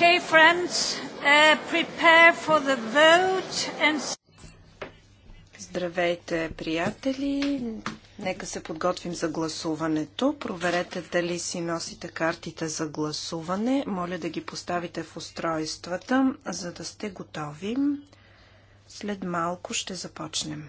Okay, friends, uh, prepare for the vote and... Здравейте, приятели! Нека се подготвим за гласуването. Проверете дали си носите картите за гласуване. Моля да ги поставите в устройствата, за да сте готови. След малко ще започнем.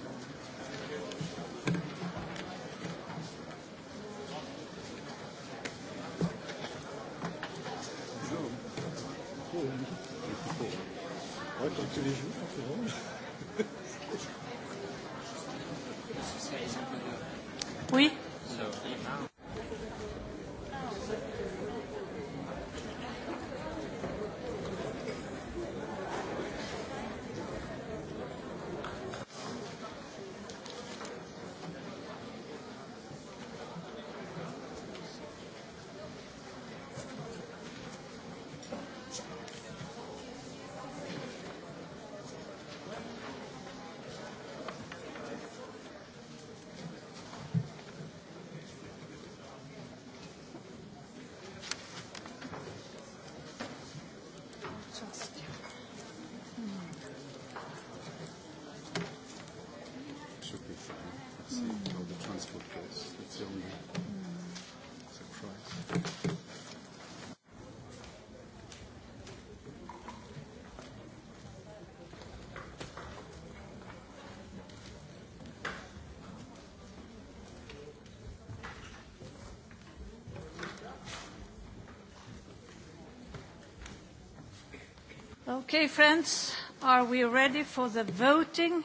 Okay, friends, are we ready for the voting?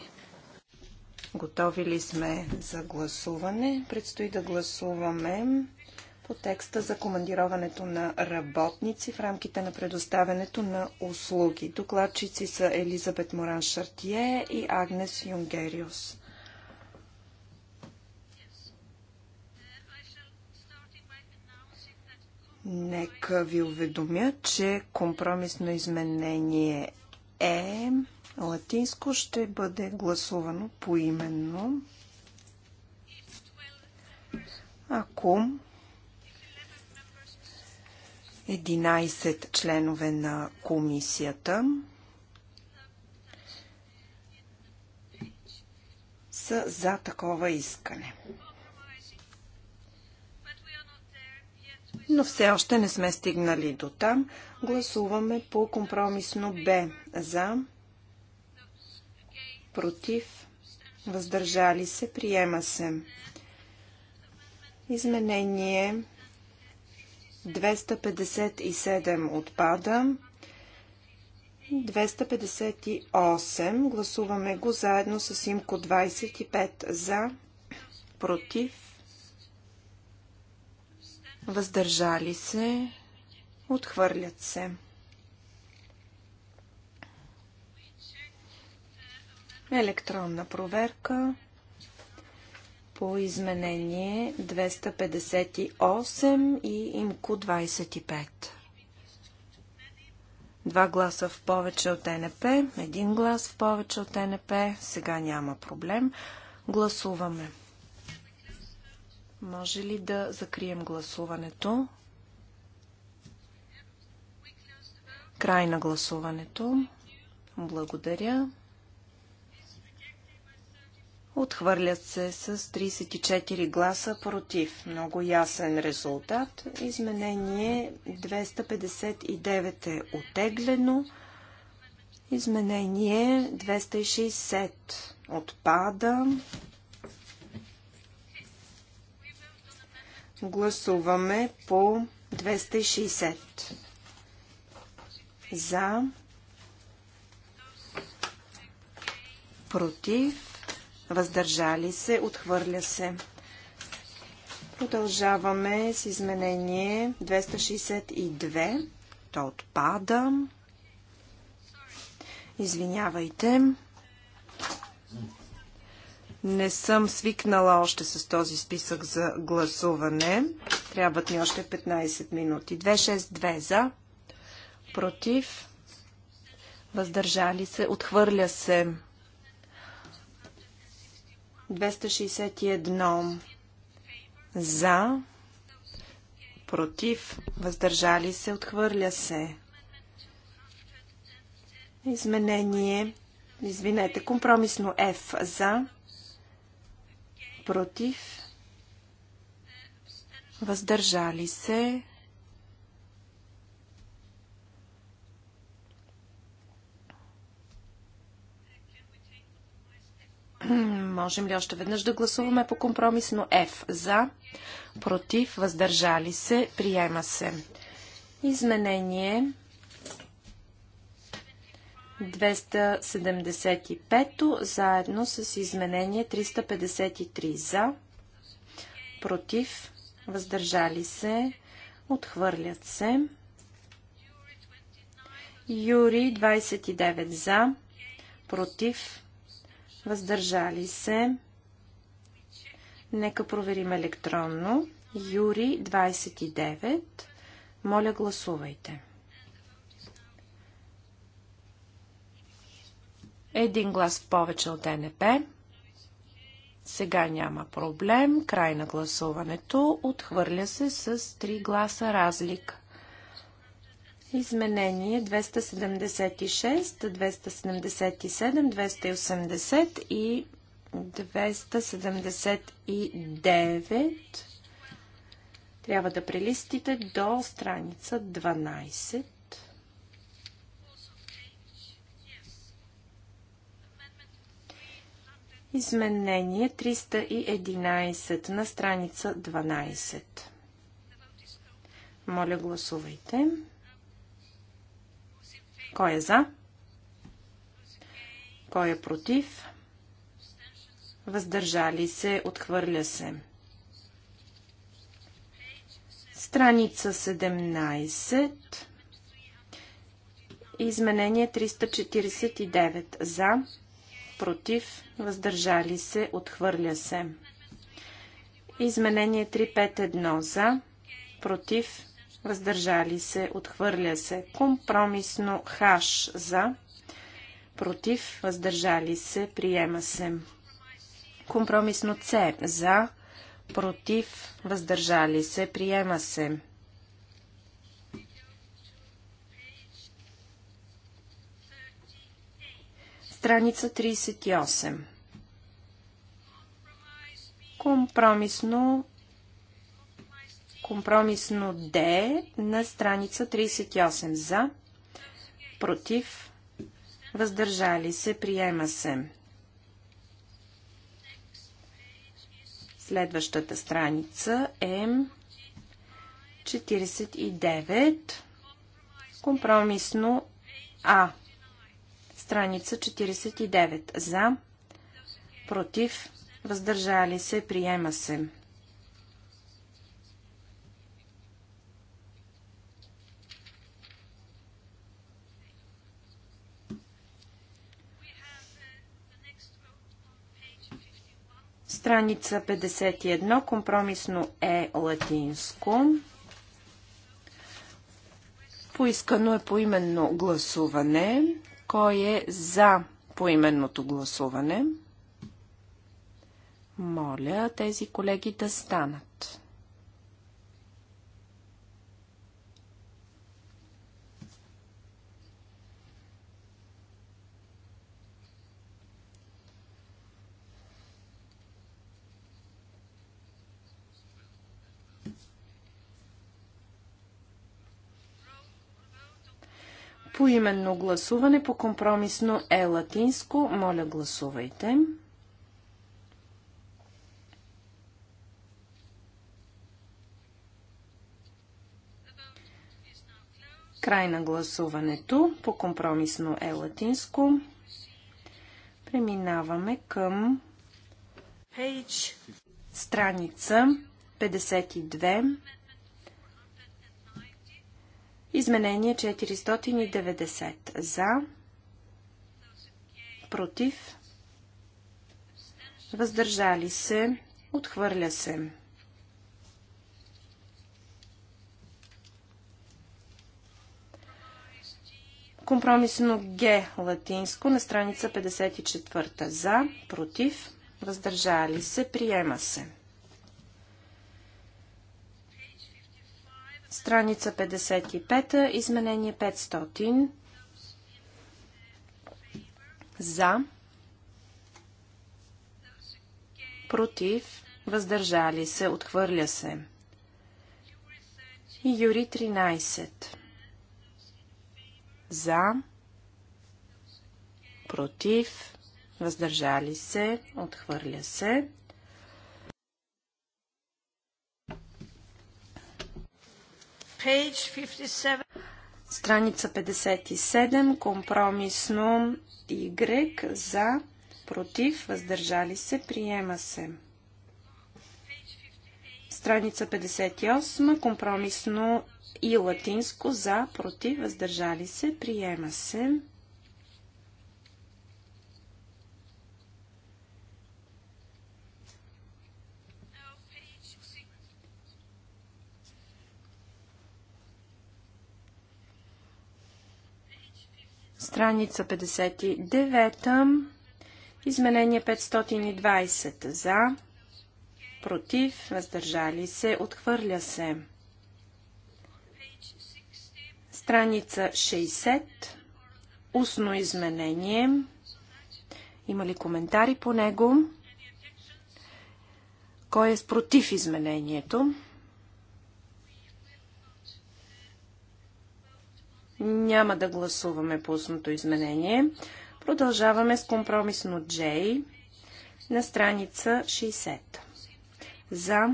Готови ли сме за гласуване? Предстои да гласуваме по текста за командироването на работници в рамките на предоставянето на услуги. Докладчици са Елизабет Моран Шартие и Агнес Юнгериус. Нека ви уведомя, че компромисно изменение е латинско ще бъде гласувано поименно. Ако 11 членове на комисията са за такова искане. но все още не сме стигнали до там. Гласуваме по компромисно Б. За, против, въздържали се, приема се. Изменение 257 отпада. 258. Гласуваме го заедно с имко 25 за, против, въздържали се, отхвърлят се. Електронна проверка по изменение 258 и имко 25. Два гласа в повече от НП, един глас в повече от НП, сега няма проблем. Гласуваме. Може ли да закрием гласуването? Край на гласуването. Благодаря. Отхвърлят се с 34 гласа против. Много ясен резултат. Изменение 259 е отеглено. Изменение 260 отпада. Гласуваме по 260. За. Против. Въздържали се. Отхвърля се. Продължаваме с изменение 262. То отпада. Извинявайте. Не съм свикнала още с този списък за гласуване. Трябват ни още 15 минути. 262 за, против, въздържали се, отхвърля се. 261 за, против, въздържали се, отхвърля се. Изменение, извинете, компромисно F за, против, въздържали се. Можем ли още веднъж да гласуваме по компромисно F? За, против, въздържали се, приема се. Изменение 275 заедно с изменение 353 за, против, въздържали се, отхвърлят се. Юри 29 за, против, въздържали се. Нека проверим електронно. Юри 29. Моля гласувайте. Един глас повече от ДНП, Сега няма проблем. Край на гласуването. Отхвърля се с 3 гласа разлик. Изменение 276, 277, 280 и 279. Трябва да прелистите до страница 12. Изменение 311 на страница 12. Моля, гласувайте. Кой е за? Кой е против? Въздържали се, отхвърля се. Страница 17. Изменение 349 за против, въздържали се, отхвърля се. Изменение 351 за, против, въздържали се, отхвърля се. Компромисно хаш за, против, въздържали се, приема се. Компромисно С за, против, въздържали се, приема се. Страница 38. Компромисно компромисно Д на страница 38 за, против, въздържали се, приема се. Следващата страница е 49, компромисно А Страница 49. За, против, въздържали се, приема се. Страница 51, компромисно е латинско. Поискано е поименно гласуване. Кой е за поименното гласуване? Моля тези колеги да станат. По именно гласуване по компромисно е латинско. Моля, гласувайте. Край на гласуването по компромисно е латинско. Преминаваме към страница 52 Изменение 490 за, против, въздържали се, отхвърля се. Компромисно Г латинско на страница 54 за, против, въздържали се, приема се. Страница 55, изменение 500. За. Против. Въздържали се. Отхвърля се. И Юри 13. За. Против. Въздържали се. Отхвърля се. Страница 57, компромисно Y за, против, въздържали се, приема се. Страница 58, компромисно и латинско за, против, въздържали се, приема се. страница 59. Изменение 520 за, против, въздържали се, отхвърля се. Страница 60. Устно изменение. Има ли коментари по него? Кой е против изменението? Няма да гласуваме по устното изменение. Продължаваме с компромисно J на страница 60. За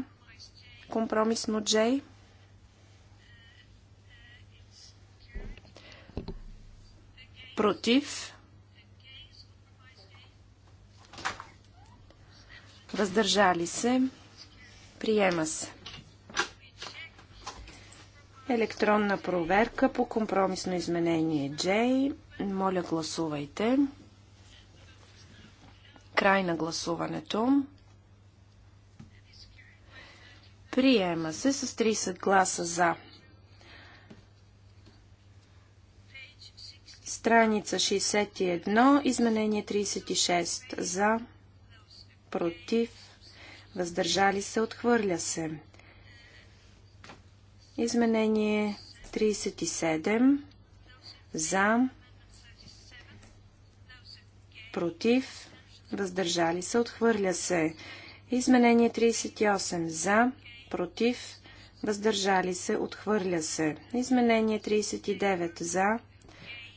компромисно J. Против. Въздържали се. Приема се. Електронна проверка по компромисно изменение J. Моля, гласувайте. Край на гласуването. Приема се с 30 гласа за. Страница 61, изменение 36 за, против, въздържали се, отхвърля се. Изменение 37 за, против, въздържали се, отхвърля се. Изменение 38 за, против, въздържали се, отхвърля се. Изменение 39 за,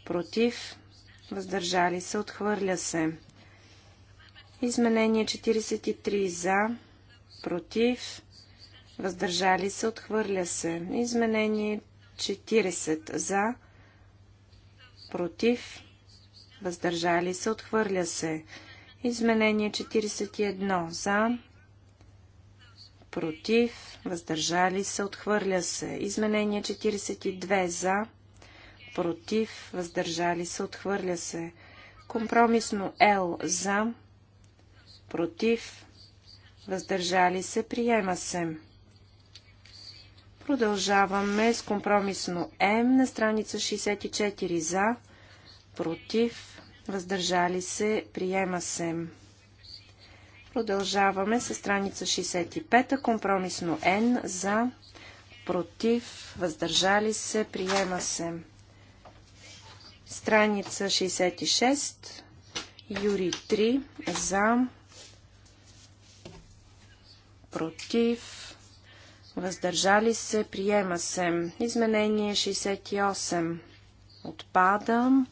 против, въздържали се, отхвърля се. Изменение 43 за, против, въздържали се, отхвърля се. Изменение 40 за, против, въздържали се, отхвърля се. Изменение 41 за, против, въздържали се, отхвърля се. Изменение 42 за, против, въздържали се, отхвърля се. Компромисно Л за, против, въздържали се, приема се. Продължаваме с компромисно М на страница 64 за, против, въздържали се, приема се. Продължаваме с страница 65, компромисно Н за, против, въздържали се, приема се. Страница 66, Юри 3 за, против, въздържали се, приема се. Изменение 68 отпада.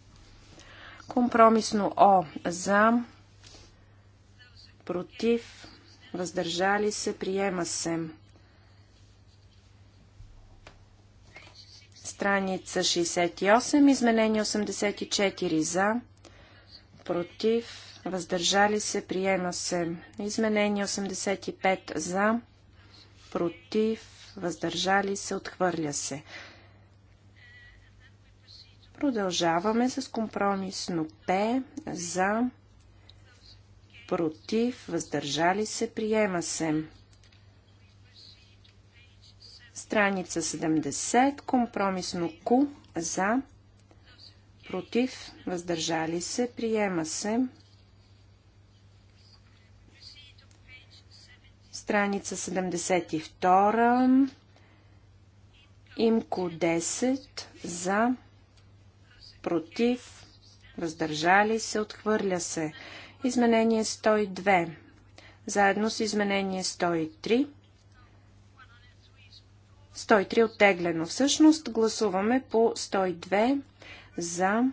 Компромисно О за, против, въздържали се, приема се. Страница 68, изменение 84 за, против, въздържали се, приема се. Изменение 85 за, против, въздържали се, отхвърля се. Продължаваме с компромисно П за против, въздържали се, приема се. Страница 70, компромисно Q за против, въздържали се, приема се. страница 72, имко 10 за, против, въздържали се, отхвърля се. Изменение 102, заедно с изменение 103. 103 оттеглено. Всъщност гласуваме по 102 за,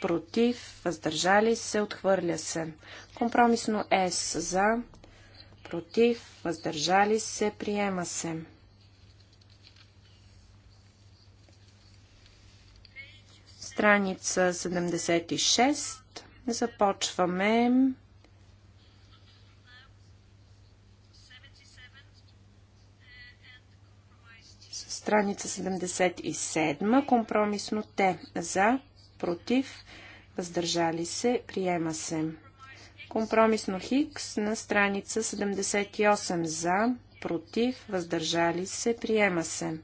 против, въздържали се, отхвърля се. Компромисно С за, против, въздържали се, приема се. Страница 76. Започваме страница 77. Компромисно те. За, против, въздържали се, приема се. Компромисно Хикс на страница 78 за, против, въздържали се, приема се.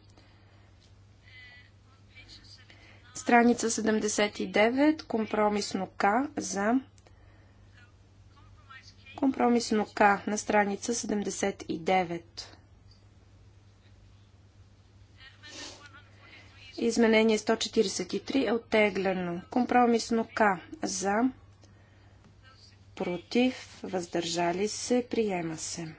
Страница 79, компромисно К за. Компромисно К на страница 79. Изменение 143 е оттеглено. Компромисно К за против, въздържали се, приема се.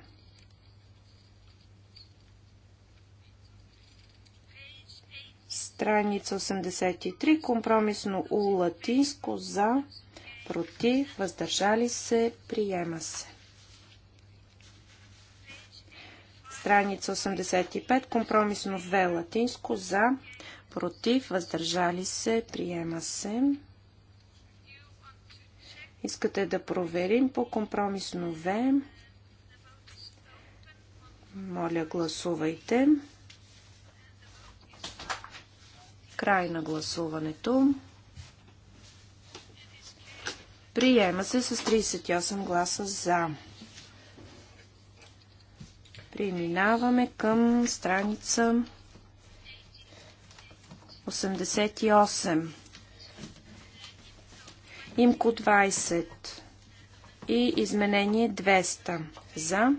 Страница 83, компромисно у латинско за, против, въздържали се, приема се. Страница 85, компромисно в латинско за, против, въздържали се, приема се. Искате да проверим по компромисно В. Моля, гласувайте. Край на гласуването. Приема се с 38 гласа за. Преминаваме към страница 88. Имко 20 и изменение 200 за,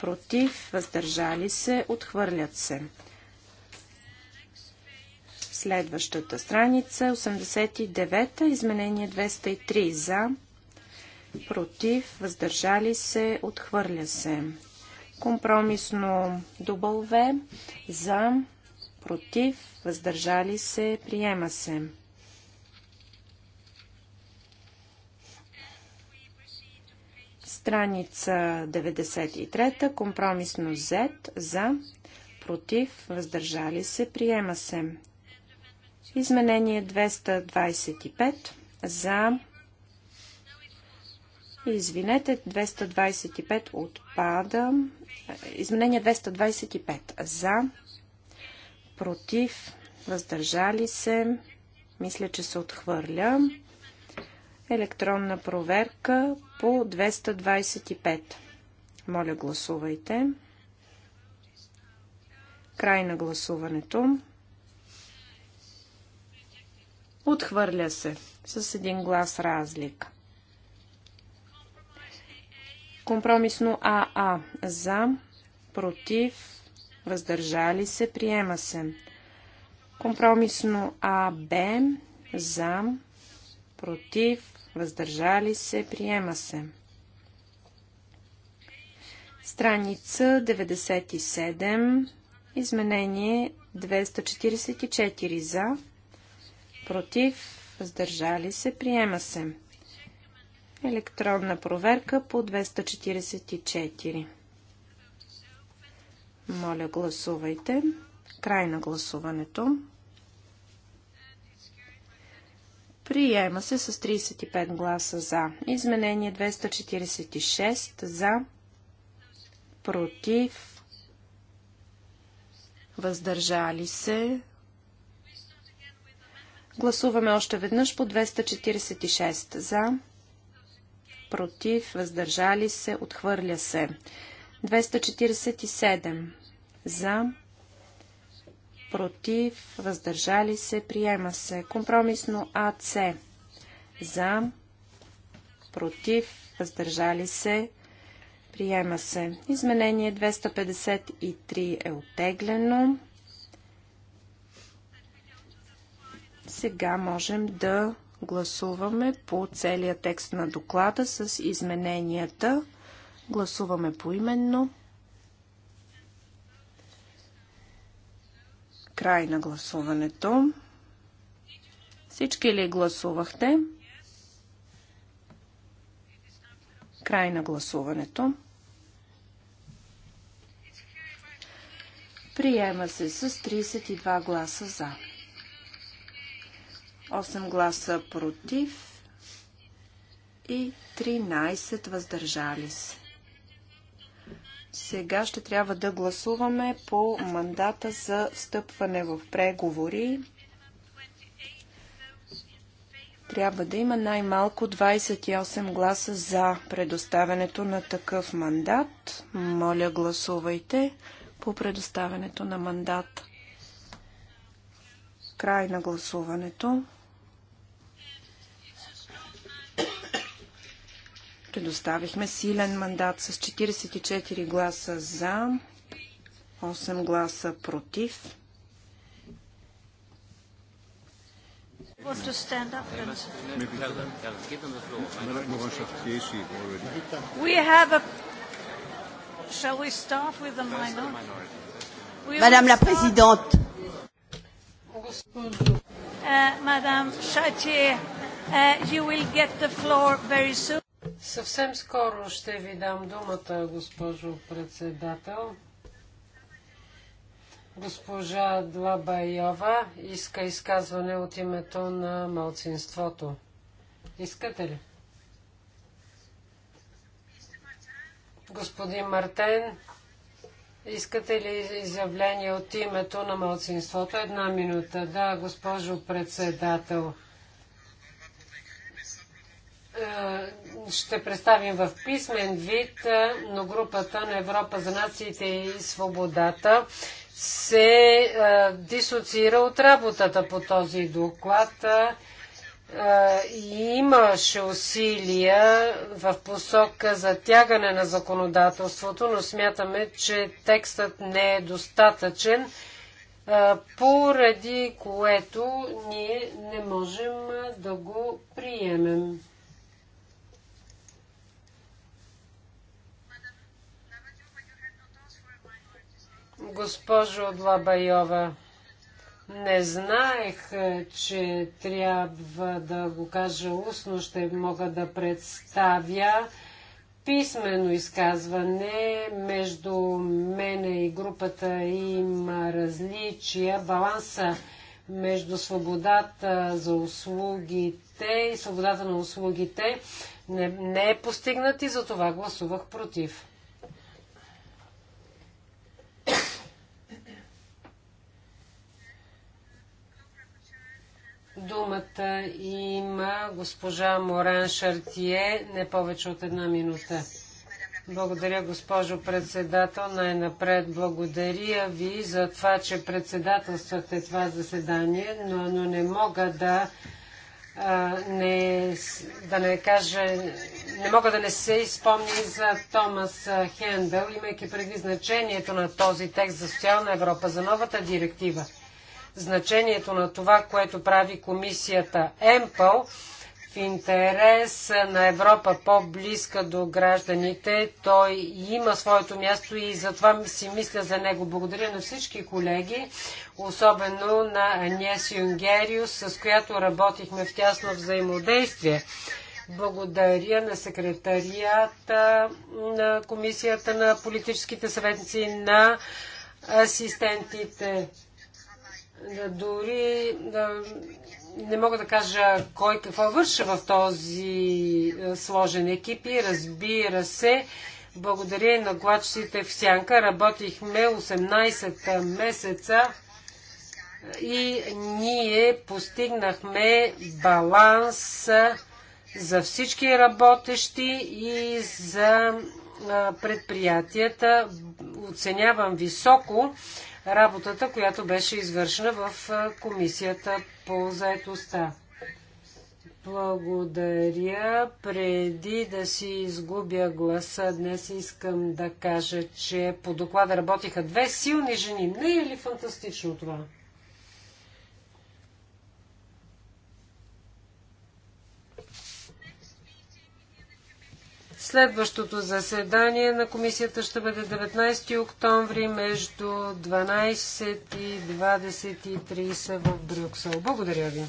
против, въздържали се, отхвърлят се. Следващата страница 89 изменение 203 за, против, въздържали се, отхвърля се. Компромисно дубъл В за, против, въздържали се, приема се. Страница 93, компромисно Z, за, против, въздържали се, приема се. Изменение 225, за, извинете, 225 отпада. Изменение 225, за, против, въздържали се, мисля, че се отхвърля. Електронна проверка по 225. Моля, гласувайте. Край на гласуването. Отхвърля се с един глас разлик. Компромисно АА за, против, въздържали се, приема се. Компромисно АБ за, против, въздържали се, приема се. Страница 97, изменение 244 за, против, въздържали се, приема се. Електронна проверка по 244. Моля, гласувайте. Край на гласуването. Приема се с 35 гласа за. Изменение 246 за. Против. Въздържали се. Гласуваме още веднъж по 246 за. Против. Въздържали се. Отхвърля се. 247 за против, въздържали се, приема се. Компромисно АЦ за, против, въздържали се, приема се. Изменение 253 е оттеглено. Сега можем да гласуваме по целия текст на доклада с измененията. Гласуваме поименно. именно. Край на гласуването. Всички ли гласувахте? Край на гласуването. Приема се с 32 гласа за. 8 гласа против и 13 въздържали се. Сега ще трябва да гласуваме по мандата за встъпване в преговори. Трябва да има най-малко 28 гласа за предоставянето на такъв мандат. Моля, гласувайте по предоставянето на мандат. Край на гласуването. Предоставихме силен мандат с 44 гласа за, 8 гласа против. Madame la Présidente Madame Chatier uh, you will get the floor very soon Съвсем скоро ще ви дам думата, госпожо председател. Госпожа Длабайова иска изказване от името на малцинството. Искате ли? Господин Мартен, искате ли изявление от името на малцинството? Една минута. Да, госпожо председател. Е, ще представим в писмен вид, но групата на Европа за нациите и свободата се а, дисоциира от работата по този доклад. А, и имаше усилия в посока за тягане на законодателството, но смятаме, че текстът не е достатъчен, поради което ние не можем да го приемем. Госпожо Длабайова, не знаех, е, че трябва да го кажа устно. Ще мога да представя писмено изказване. Между мене и групата има различия. Баланса между свободата за услугите и свободата на услугите не, не е постигнат и затова гласувах против. Думата има госпожа Моран Шартие, не повече от една минута. Благодаря, госпожо председател. Най-напред благодаря ви за това, че председателствате това заседание, но, но не мога да а, не, да не кажа, не мога да не се изпомня за Томас Хендел, имайки предвид значението на този текст за социална Европа, за новата директива значението на това, което прави комисията ЕМПЛ в интерес на Европа по-близка до гражданите. Той има своето място и затова си мисля за него. Благодаря на всички колеги, особено на Анес Юнгериус, с която работихме в тясно взаимодействие. Благодаря на секретарията на Комисията на политическите съветници на асистентите дори да, не мога да кажа кой какво върша в този е, сложен екип и разбира се, благодарение на глачците в Сянка работихме 18 месеца и ние постигнахме баланс за всички работещи и за е, предприятията. Оценявам високо работата, която беше извършена в комисията по заетостта. Благодаря. Преди да си изгубя гласа, днес искам да кажа, че по доклада работиха две силни жени. Не е ли фантастично това? Следващото заседание на комисията ще бъде 19 октомври между 12 и 23 в Брюксел. Благодаря ви.